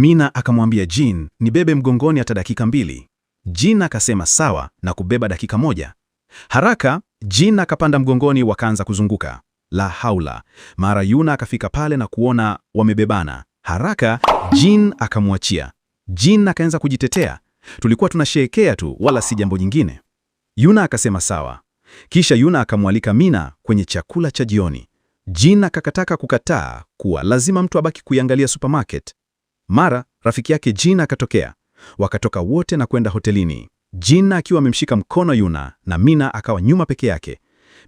Mina akamwambia Jean, nibebe mgongoni hata dakika mbili. Jean akasema sawa na kubeba dakika moja. Haraka Jean akapanda mgongoni, wakaanza kuzunguka. La haula! Mara Yuna akafika pale na kuona wamebebana. Haraka Jean akamwachia. Jean akaanza kujitetea, tulikuwa tunasherekea tu, wala si jambo jingine. Yuna akasema sawa. Kisha Yuna akamwalika Mina kwenye chakula cha jioni. Jean akakataka kukataa kuwa lazima mtu abaki kuiangalia supermarket. Mara rafiki yake Jina akatokea. Wakatoka wote na kwenda hotelini, Jina akiwa amemshika mkono Yuna na Mina akawa nyuma peke yake.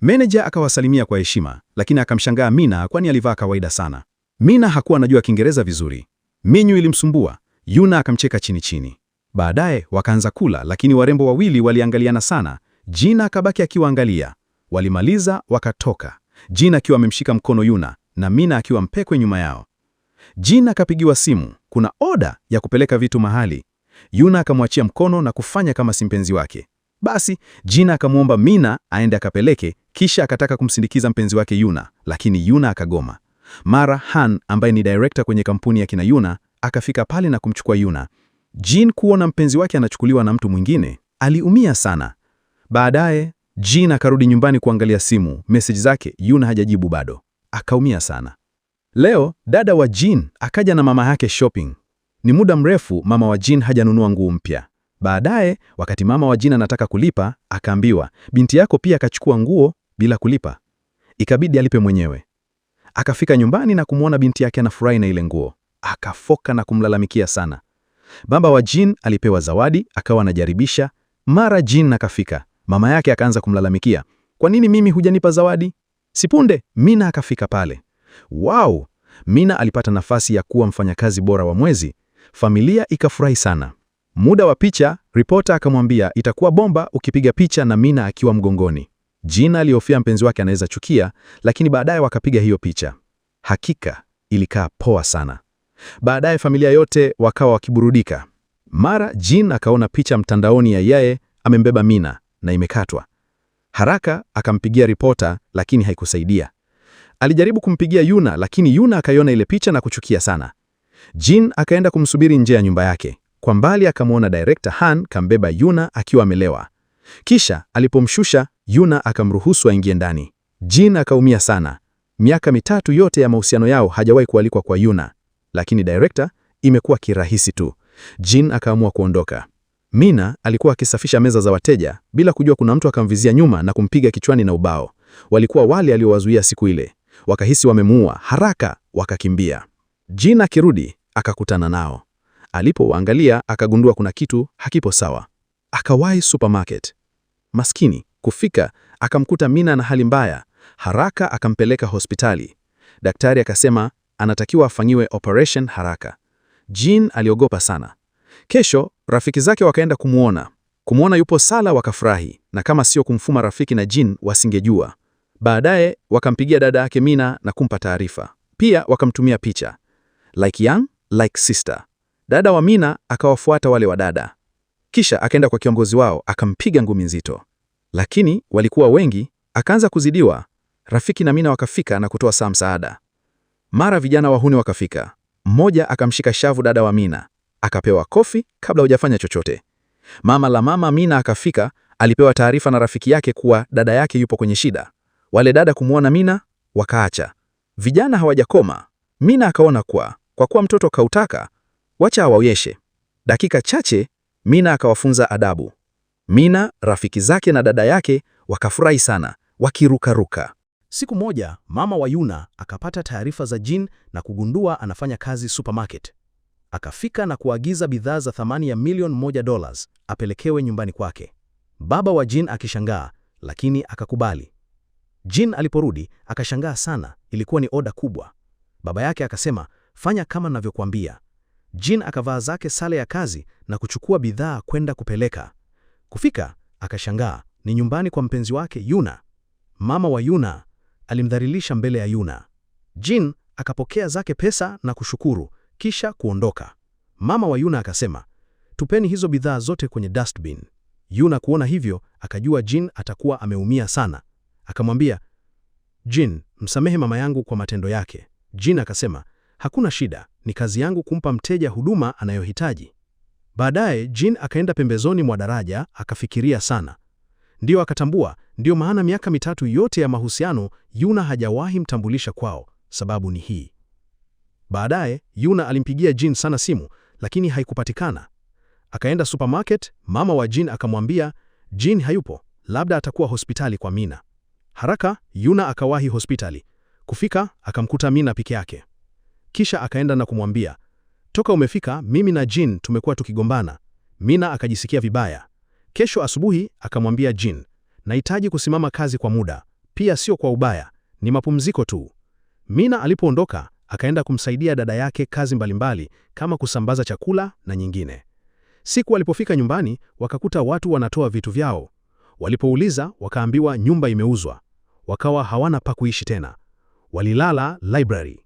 Meneja akawasalimia kwa heshima, lakini akamshangaa Mina kwani alivaa kawaida sana. Mina hakuwa anajua Kiingereza vizuri, minyu ilimsumbua. Yuna akamcheka chini chini. Baadaye wakaanza kula, lakini warembo wawili waliangaliana sana. Jina akabaki akiwaangalia. Walimaliza wakatoka, Jina akiwa amemshika mkono Yuna na Mina akiwa mpekwe nyuma yao. Jina akapigiwa simu, kuna oda ya kupeleka vitu mahali. Yuna akamwachia mkono na kufanya kama si mpenzi wake. Basi Jin akamwomba Mina aende akapeleke, kisha akataka kumsindikiza mpenzi wake Yuna, lakini Yuna akagoma. Mara Han ambaye ni director kwenye kampuni ya kina Yuna akafika pale na kumchukua Yuna. Jin kuona mpenzi wake anachukuliwa na mtu mwingine aliumia sana. Baadaye Jin akarudi nyumbani kuangalia simu, message zake Yuna hajajibu bado, akaumia sana. Leo dada wa Jean akaja na mama yake shopping. Ni muda mrefu mama wa Jean hajanunua nguo mpya. Baadaye wakati mama wa Jean anataka kulipa, akaambiwa binti yako pia akachukua nguo bila kulipa. Ikabidi alipe mwenyewe. Akafika nyumbani na kumwona binti yake anafurahi na ile nguo, akafoka na kumlalamikia sana. Baba wa Jean alipewa zawadi, akawa anajaribisha. Mara Jean akafika, mama yake akaanza kumlalamikia, kwa nini mimi hujanipa zawadi? Sipunde Mina akafika pale Wow! Mina alipata nafasi ya kuwa mfanyakazi bora wa mwezi. Familia ikafurahi sana. Muda wa picha, ripota akamwambia itakuwa bomba ukipiga picha na Mina akiwa mgongoni. Jina alihofia mpenzi wake anaweza chukia, lakini baadaye wakapiga hiyo picha. Hakika ilikaa poa sana. Baadaye familia yote wakawa wakiburudika. Mara Jin akaona picha mtandaoni ya yeye amembeba Mina na imekatwa. Haraka akampigia ripota, lakini haikusaidia. Alijaribu kumpigia Yuna lakini Yuna akaiona ile picha na kuchukia sana. Jin akaenda kumsubiri nje ya nyumba yake. Kwa mbali akamwona director Han kambeba Yuna akiwa amelewa. Kisha alipomshusha Yuna akamruhusu aingie ndani. Jin akaumia sana. Miaka mitatu yote ya mahusiano yao hajawahi kualikwa kwa Yuna, lakini director imekuwa kirahisi tu. Jin akaamua kuondoka. Mina alikuwa akisafisha meza za wateja bila kujua kuna mtu akamvizia nyuma na kumpiga kichwani na ubao. Walikuwa wale aliowazuia siku ile. Wakahisi wamemuua, haraka wakakimbia. Jean akirudi akakutana nao. Alipowaangalia akagundua kuna kitu hakipo sawa. Akawahi supermarket. Maskini kufika akamkuta Mina na hali mbaya, haraka akampeleka hospitali. Daktari akasema anatakiwa afanyiwe operation haraka. Jean aliogopa sana. Kesho rafiki zake wakaenda kumwona. Kumwona yupo Sala wakafurahi, na kama sio kumfuma rafiki na Jean wasingejua. Baadaye wakampigia dada yake Mina na kumpa taarifa, pia wakamtumia picha like young, like sister. Dada wa Mina akawafuata wale wa dada, kisha akaenda kwa kiongozi wao akampiga ngumi nzito, lakini walikuwa wengi, akaanza kuzidiwa. Rafiki na Mina wakafika na kutoa saa msaada. Mara vijana wahuni wakafika, mmoja akamshika shavu dada wa Mina akapewa kofi kabla hujafanya chochote. Mama la mama Mina akafika, alipewa taarifa na rafiki yake kuwa dada yake yupo kwenye shida. Wale dada kumwona Mina wakaacha. Vijana hawajakoma. Mina akaona kwa kwa kuwa mtoto kautaka, wacha awaonyeshe. Dakika chache Mina akawafunza adabu. Mina, rafiki zake na dada yake wakafurahi sana, wakirukaruka. Siku moja mama wa Yuna akapata taarifa za Jin na kugundua anafanya kazi supermarket. Akafika na kuagiza bidhaa za thamani ya milioni moja dollars apelekewe nyumbani kwake. Baba wa Jin akishangaa, lakini akakubali. Jin aliporudi akashangaa sana, ilikuwa ni oda kubwa. Baba yake akasema, fanya kama ninavyokuambia. Jin akavaa zake sare ya kazi na kuchukua bidhaa kwenda kupeleka. Kufika akashangaa ni nyumbani kwa mpenzi wake Yuna. Mama wa Yuna alimdhalilisha mbele ya Yuna. Jin akapokea zake pesa na kushukuru kisha kuondoka. Mama wa Yuna akasema, tupeni hizo bidhaa zote kwenye dustbin. Yuna kuona hivyo akajua Jin atakuwa ameumia sana. Akamwambia, Jin, msamehe mama yangu kwa matendo yake. Jin akasema, hakuna shida, ni kazi yangu kumpa mteja huduma anayohitaji. Baadaye Jin akaenda pembezoni mwa daraja akafikiria sana. Ndiyo akatambua, ndiyo maana miaka mitatu yote ya mahusiano Yuna hajawahi mtambulisha kwao, sababu ni hii. Baadaye Yuna alimpigia Jin sana simu, lakini haikupatikana. Akaenda supermarket, mama wa Jin akamwambia, Jin hayupo, labda atakuwa hospitali kwa Mina. Haraka Yuna akawahi hospitali. Kufika akamkuta Mina peke yake, kisha akaenda na kumwambia, toka umefika mimi na Jin tumekuwa tukigombana. Mina akajisikia vibaya. Kesho asubuhi akamwambia Jin, nahitaji kusimama kazi kwa muda, pia sio kwa ubaya, ni mapumziko tu. Mina alipoondoka akaenda kumsaidia dada yake kazi mbalimbali kama kusambaza chakula na nyingine. Siku walipofika nyumbani wakakuta watu wanatoa vitu vyao, Walipouliza wakaambiwa nyumba imeuzwa, wakawa hawana pa kuishi tena, walilala library.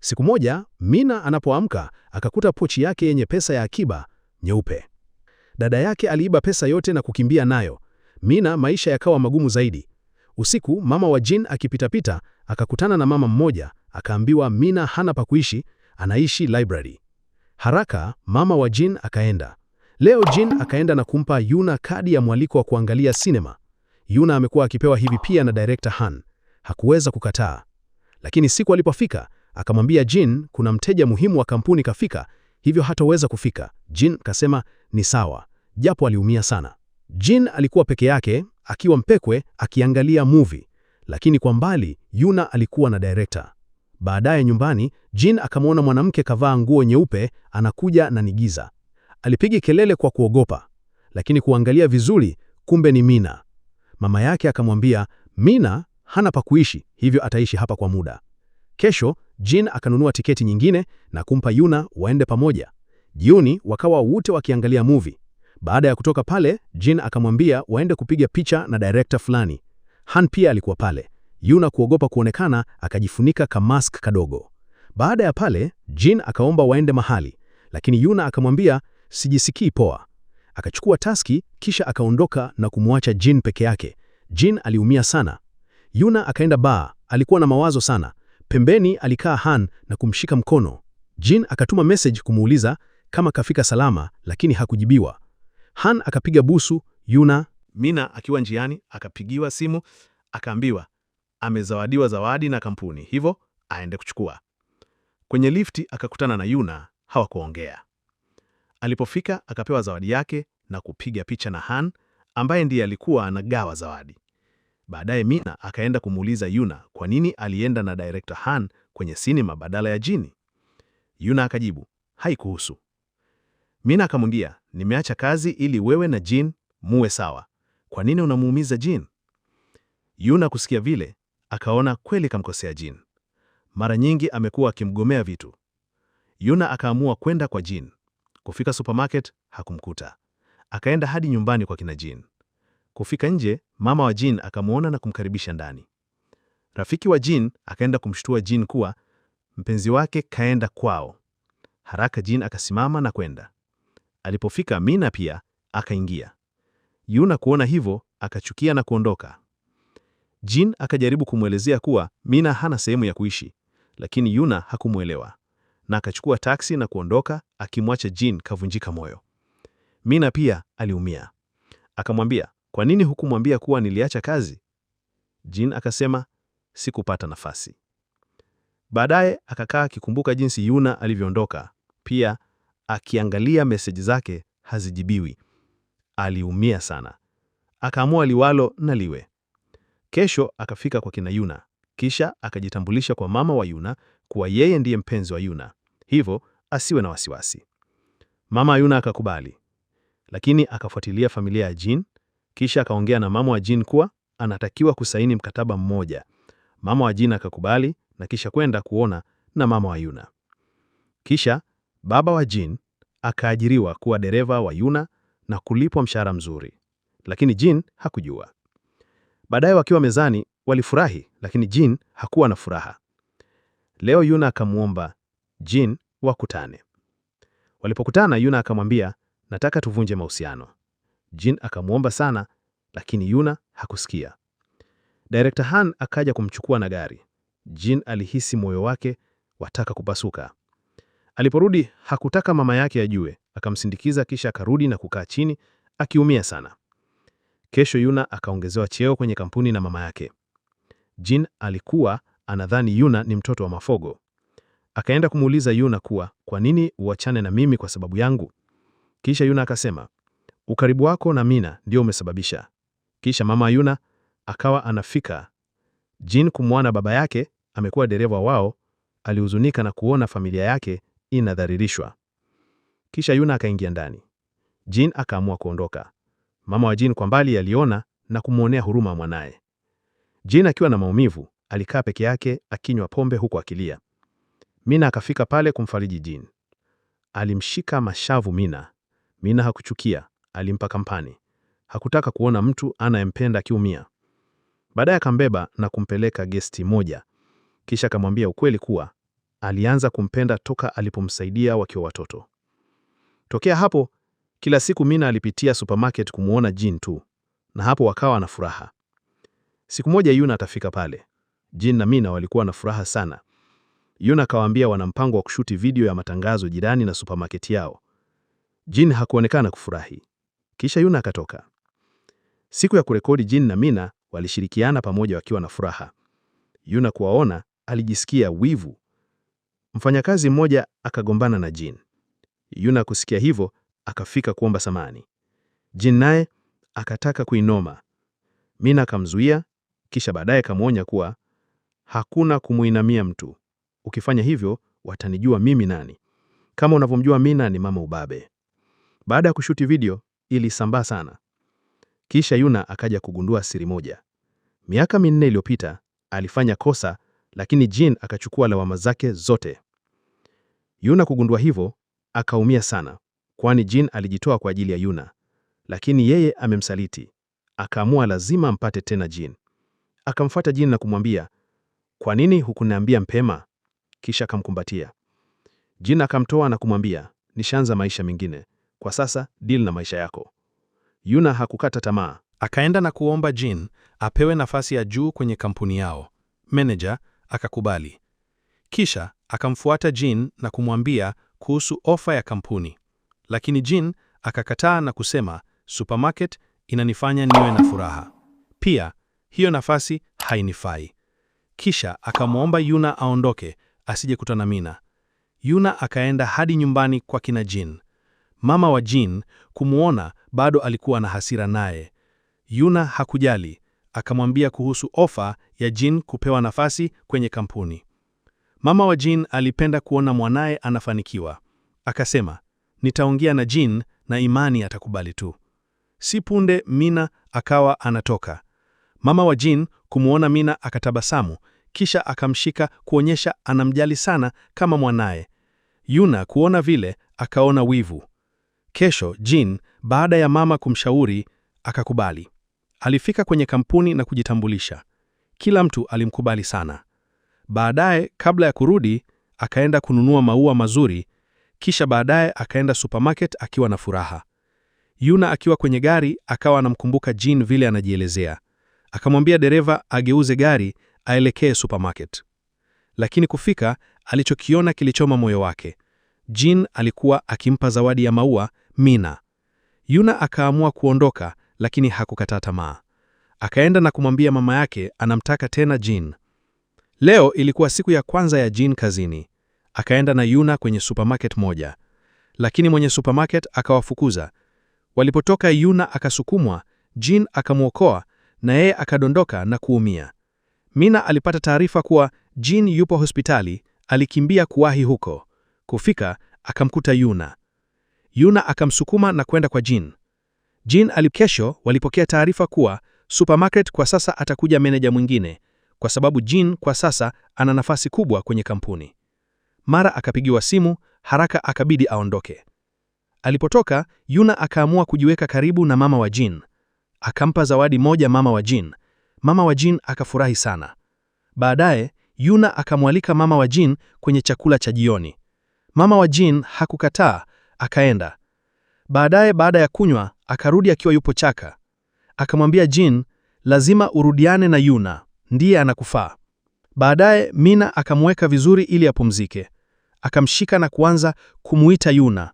Siku moja Mina anapoamka akakuta pochi yake yenye pesa ya akiba nyeupe. Dada yake aliiba pesa yote na kukimbia nayo. Mina maisha yakawa magumu zaidi. Usiku mama wa Jin akipitapita akakutana na mama mmoja, akaambiwa Mina hana pa kuishi, anaishi library. Haraka mama wa Jin akaenda Leo Jin akaenda na kumpa Yuna kadi ya mwaliko wa kuangalia sinema. Yuna amekuwa akipewa hivi pia na director Han. Hakuweza kukataa. Lakini siku alipofika, akamwambia Jin kuna mteja muhimu wa kampuni kafika, hivyo hataweza kufika. Jin kasema ni sawa, japo aliumia sana. Jin alikuwa peke yake akiwa mpekwe akiangalia movie, lakini kwa mbali Yuna alikuwa na director. Baadaye nyumbani, Jin akamwona mwanamke kavaa nguo nyeupe anakuja na nigiza Alipiga kelele kwa kuogopa, lakini kuangalia vizuri, kumbe ni Mina. Mama yake akamwambia Mina hana pa kuishi, hivyo ataishi hapa kwa muda. Kesho Jin akanunua tiketi nyingine na kumpa Yuna waende pamoja. Jioni wakawa wote wakiangalia movie. Baada ya kutoka pale, Jin akamwambia waende kupiga picha na director fulani. Han pia alikuwa pale. Yuna kuogopa kuonekana akajifunika kamask kadogo. Baada ya pale, Jin akaomba waende mahali, lakini Yuna akamwambia sijisikii poa. Akachukua taski kisha akaondoka na kumwacha Jin peke yake. Jin aliumia sana. Yuna akaenda baa, alikuwa na mawazo sana. Pembeni alikaa Han na kumshika mkono. Jin akatuma message kumuuliza kama kafika salama, lakini hakujibiwa. Han akapiga busu Yuna. Mina akiwa njiani akapigiwa simu, akaambiwa amezawadiwa zawadi na kampuni, hivyo aende kuchukua. Kwenye lifti akakutana na Yuna, hawakuongea. Alipofika akapewa zawadi yake na kupiga picha na Han ambaye ndiye alikuwa anagawa zawadi. Baadaye Mina akaenda kumuuliza Yuna kwa nini alienda na director Han kwenye sinema badala ya Jini. Yuna akajibu haikuhusu. Mina akamwambia nimeacha kazi ili wewe na Jin muwe sawa, kwa nini unamuumiza Jin? Yuna kusikia vile akaona kweli kamkosea Jin, mara nyingi amekuwa akimgomea vitu. Yuna akaamua kwenda kwa Jin. Kufika supermarket hakumkuta, akaenda hadi nyumbani kwa kina Jean. Kufika nje, mama wa Jean akamwona na kumkaribisha ndani. Rafiki wa Jean akaenda kumshtua Jean kuwa mpenzi wake kaenda kwao. Haraka Jean akasimama na kwenda. Alipofika Mina pia akaingia. Yuna kuona hivyo akachukia na kuondoka. Jean akajaribu kumwelezea kuwa Mina hana sehemu ya kuishi, lakini Yuna hakumwelewa na akachukua taksi na kuondoka, akimwacha Jean kavunjika moyo. Mina pia aliumia. Akamwambia, kwa nini hukumwambia kuwa niliacha kazi? Jean akasema, sikupata nafasi. Baadaye akakaa akikumbuka jinsi Yuna alivyoondoka, pia akiangalia meseji zake hazijibiwi. Aliumia sana, akaamua liwalo na liwe. Kesho akafika kwa kina Yuna, kisha akajitambulisha kwa mama wa Yuna kuwa yeye ndiye mpenzi wa Yuna hivyo asiwe na wasiwasi. Mama yuna akakubali, lakini akafuatilia familia ya Jin, kisha akaongea na mama wa Jin kuwa anatakiwa kusaini mkataba mmoja. Mama wa Jin akakubali na kisha kwenda kuona na mama wa Yuna. Kisha baba wa Jin akaajiriwa kuwa dereva wa Yuna na kulipwa mshahara mzuri, lakini Jin hakujua. Baadaye wakiwa mezani walifurahi, lakini Jin hakuwa na furaha. Leo Yuna akamwomba Jin wakutane. Walipokutana, Yuna akamwambia, nataka tuvunje mahusiano. Jin akamwomba sana, lakini Yuna hakusikia. Director Han akaja kumchukua na gari. Jin alihisi moyo wake wataka kupasuka. Aliporudi hakutaka mama yake ajue, akamsindikiza kisha akarudi na kukaa chini akiumia sana. Kesho Yuna akaongezewa cheo kwenye kampuni na mama yake. Jin alikuwa anadhani Yuna ni mtoto wa mafogo. Akaenda kumuuliza Yuna kuwa kwa nini uachane na mimi kwa sababu yangu. Kisha Yuna akasema ukaribu wako na Mina ndio umesababisha. Kisha mama Yuna akawa anafika. Jin kumwana baba yake amekuwa dereva wao, alihuzunika na kuona familia yake inadharirishwa Kisha Yuna akaingia ndani. Jin akaamua kuondoka. Mama wa Jin kwa mbali aliona na kumwonea huruma mwanaye. Jin akiwa na maumivu, alikaa peke yake akinywa pombe huku akilia. Mina akafika pale kumfariji Jini. Alimshika mashavu Mina. Mina hakuchukia, alimpa kampani. Hakutaka kuona mtu anayempenda akiumia. Baadaye akambeba na kumpeleka gesti moja, kisha akamwambia ukweli kuwa alianza kumpenda toka alipomsaidia wakiwa watoto. Tokea hapo kila siku Mina alipitia supermarket kumwona Jin tu, na hapo wakawa na furaha. Siku moja Yuna atafika pale. Jin na Mina walikuwa na furaha sana. Yuna akawaambia wana mpango wa kushuti video ya matangazo jirani na supermarket yao. Jin hakuonekana kufurahi. Kisha Yuna akatoka. Siku ya kurekodi, Jin na Mina walishirikiana pamoja wakiwa na furaha. Yuna kuwaona alijisikia wivu. Mfanyakazi mmoja akagombana na Jin. Yuna kusikia hivyo akafika kuomba samani. Jin naye akataka kuinoma. Mina akamzuia kisha baadaye akamwonya kuwa hakuna kumuinamia mtu. Ukifanya hivyo watanijua mimi nani, kama unavyomjua Mina ni mama ubabe. Baada ya kushuti video ilisambaa sana, kisha Yuna akaja kugundua siri moja. Miaka minne iliyopita alifanya kosa, lakini Jin akachukua lawama zake zote. Yuna kugundua hivyo akaumia sana, kwani Jin alijitoa kwa ajili ya Yuna, lakini yeye amemsaliti. Akaamua lazima ampate tena Jin. Akamfuata Jin na kumwambia, kwa nini hukuniambia mpema? kisha akamkumbatia. Jin akamtoa na kumwambia, nishaanza maisha mengine kwa sasa, deal na maisha yako. Yuna hakukata tamaa, akaenda na kuomba Jin apewe nafasi ya juu kwenye kampuni yao. Meneja akakubali, kisha akamfuata Jin na kumwambia kuhusu ofa ya kampuni, lakini Jin akakataa na kusema supermarket inanifanya niwe na furaha, pia hiyo nafasi hainifai. Kisha akamwomba Yuna aondoke asije kutana Mina. Yuna akaenda hadi nyumbani kwa kina Jin. Mama wa Jin kumwona bado alikuwa na hasira naye. Yuna hakujali, akamwambia kuhusu ofa ya Jin kupewa nafasi kwenye kampuni. Mama wa Jin alipenda kuona mwanaye anafanikiwa. Akasema, nitaongea na Jin na imani atakubali tu. Si punde Mina akawa anatoka. Mama wa Jin kumwona Mina akatabasamu kisha akamshika kuonyesha anamjali sana kama mwanaye. Yuna kuona vile akaona wivu. Kesho Jin, baada ya mama kumshauri, akakubali. Alifika kwenye kampuni na kujitambulisha. Kila mtu alimkubali sana. Baadaye, kabla ya kurudi, akaenda kununua maua mazuri, kisha baadaye akaenda supermarket akiwa na furaha. Yuna akiwa kwenye gari akawa anamkumbuka Jin vile anajielezea. Akamwambia dereva ageuze gari aelekee supermarket. Lakini kufika, alichokiona kilichoma moyo wake. Jean alikuwa akimpa zawadi ya maua Mina. Yuna akaamua kuondoka, lakini hakukata tamaa. Akaenda na kumwambia mama yake anamtaka tena Jean. Leo ilikuwa siku ya kwanza ya Jean kazini. Akaenda na Yuna kwenye supermarket moja, lakini mwenye supermarket akawafukuza. Walipotoka, Yuna akasukumwa, Jean akamwokoa na yeye akadondoka na kuumia. Mina alipata taarifa kuwa Jin yupo hospitali, alikimbia kuwahi huko. Kufika akamkuta Yuna. Yuna akamsukuma na kwenda kwa Jin. Jin alikesho walipokea taarifa kuwa supermarket kwa sasa atakuja meneja mwingine kwa sababu Jin kwa sasa ana nafasi kubwa kwenye kampuni. Mara akapigiwa simu, haraka akabidi aondoke. Alipotoka, Yuna akaamua kujiweka karibu na mama wa Jin. Akampa zawadi moja mama wa Jin, mama wa Jin akafurahi sana. Baadaye Yuna akamwalika mama wa Jin kwenye chakula cha jioni. Mama wa Jin hakukataa, akaenda. Baadaye baada ya kunywa akarudi akiwa yupo chaka. Akamwambia Jin, lazima urudiane na Yuna, ndiye anakufaa. Baadaye Mina akamweka vizuri ili apumzike. Akamshika na kuanza kumuita Yuna.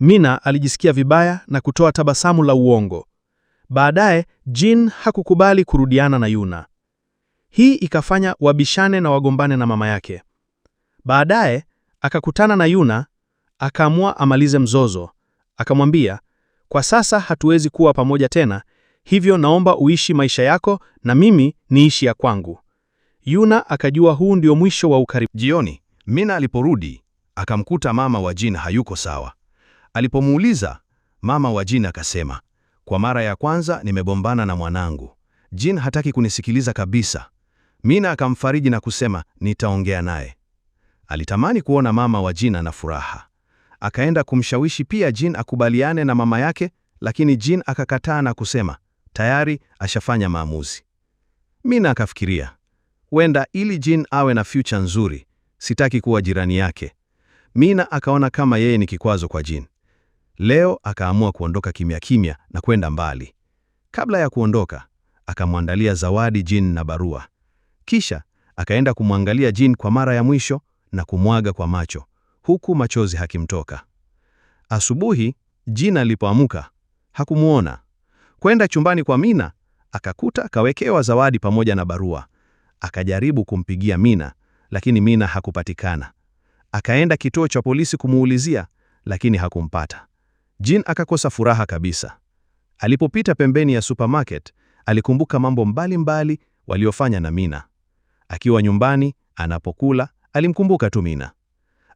Mina alijisikia vibaya na kutoa tabasamu la uongo. Baadaye Jin hakukubali kurudiana na Yuna. Hii ikafanya wabishane na wagombane na mama yake. Baadaye akakutana na Yuna, akaamua amalize mzozo. Akamwambia, kwa sasa hatuwezi kuwa pamoja tena, hivyo naomba uishi maisha yako na mimi niishi ya kwangu. Yuna akajua huu ndio mwisho wa ukaribu. Jioni Mina aliporudi akamkuta mama wa Jin hayuko sawa. Alipomuuliza, mama wa Jin akasema kwa mara ya kwanza nimebombana na mwanangu. Jin hataki kunisikiliza kabisa. Mina akamfariji na kusema nitaongea naye. Alitamani kuona mama wa Jin ana furaha. Akaenda kumshawishi pia Jin akubaliane na mama yake, lakini Jin akakataa na kusema tayari ashafanya maamuzi. Mina akafikiria, wenda ili Jin awe na future nzuri, sitaki kuwa jirani yake. Mina akaona kama yeye ni kikwazo kwa Jin. Leo akaamua kuondoka kimya kimya na kwenda mbali. Kabla ya kuondoka, akamwandalia zawadi Jin na barua. Kisha akaenda kumwangalia Jin kwa mara ya mwisho na kumwaga kwa macho, huku machozi hakimtoka. Asubuhi Jin alipoamka hakumwona. Kwenda chumbani kwa Mina akakuta kawekewa zawadi pamoja na barua. Akajaribu kumpigia Mina, lakini Mina hakupatikana. Akaenda kituo cha polisi kumuulizia, lakini hakumpata. Jin akakosa furaha kabisa. Alipopita pembeni ya supermarket, alikumbuka mambo mbalimbali waliofanya na Mina. Akiwa nyumbani anapokula, alimkumbuka tu Mina.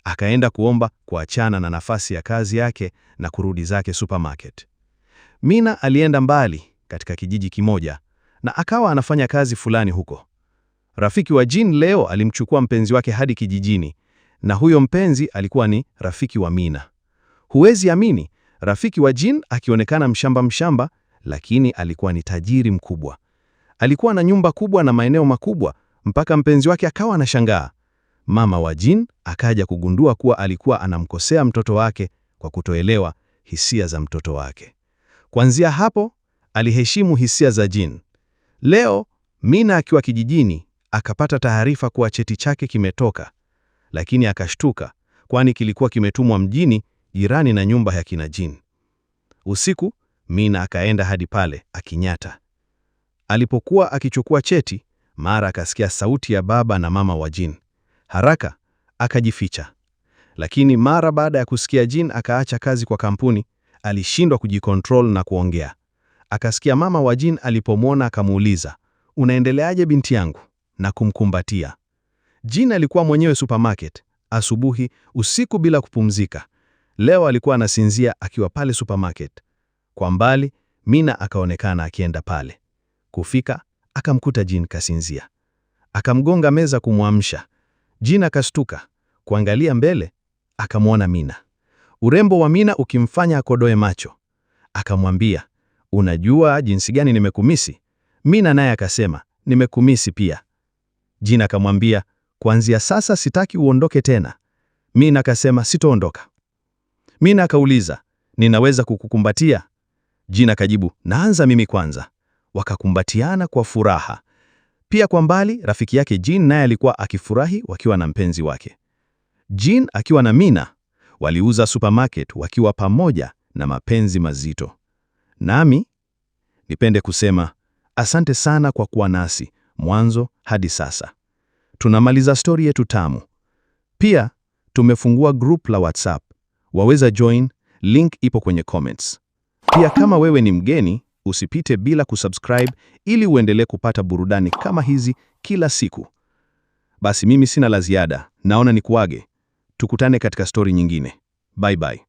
Akaenda kuomba kuachana na nafasi ya kazi yake na kurudi zake supermarket. Mina alienda mbali katika kijiji kimoja na akawa anafanya kazi fulani huko. Rafiki wa Jin leo alimchukua mpenzi wake hadi kijijini, na huyo mpenzi alikuwa ni rafiki wa Mina. Huwezi amini, Rafiki wa Jin akionekana mshamba mshamba, lakini alikuwa ni tajiri mkubwa. Alikuwa na nyumba kubwa na maeneo makubwa, mpaka mpenzi wake akawa anashangaa. Mama wa Jin akaja kugundua kuwa alikuwa anamkosea mtoto wake kwa kutoelewa hisia za mtoto wake. Kuanzia hapo aliheshimu hisia za Jin. Leo Mina akiwa kijijini akapata taarifa kuwa cheti chake kimetoka, lakini akashtuka, kwani kilikuwa kimetumwa mjini jirani na nyumba ya kina Jin. Usiku Mina akaenda hadi pale akinyata. Alipokuwa akichukua cheti, mara akasikia sauti ya baba na mama wa Jin. Haraka akajificha, lakini mara baada ya kusikia Jin akaacha kazi kwa kampuni, alishindwa kujikontrol na kuongea. Akasikia mama wa Jin alipomwona akamuuliza, unaendeleaje binti yangu, na kumkumbatia. Jin alikuwa mwenyewe supermarket, asubuhi, usiku bila kupumzika. Leo alikuwa anasinzia akiwa pale supermarket. Kwa mbali, Mina akaonekana akienda pale. Kufika, akamkuta Jin kasinzia. Akamgonga meza kumwamsha. Jin akastuka, kuangalia mbele, akamwona Mina. Urembo wa Mina ukimfanya akodoe macho. Akamwambia, "Unajua jinsi gani nimekumisi?" Mina naye akasema, "Nimekumisi pia." Jin akamwambia, "Kuanzia sasa sitaki uondoke tena." Mina akasema, "Sitoondoka." Mina akauliza, ninaweza kukukumbatia? Jina akajibu, naanza mimi kwanza. Wakakumbatiana kwa furaha. Pia kwa mbali rafiki yake Jean naye alikuwa akifurahi wakiwa na mpenzi wake. Jean akiwa na Mina waliuza supermarket wakiwa pamoja na mapenzi mazito. Nami nipende kusema asante sana kwa kuwa nasi mwanzo hadi sasa. Tunamaliza stori yetu tamu. Pia tumefungua group la WhatsApp waweza join, link ipo kwenye comments. Pia kama wewe ni mgeni, usipite bila kusubscribe ili uendelee kupata burudani kama hizi kila siku. Basi mimi sina la ziada, naona nikuage. Tukutane katika stori nyingine. Bye bye.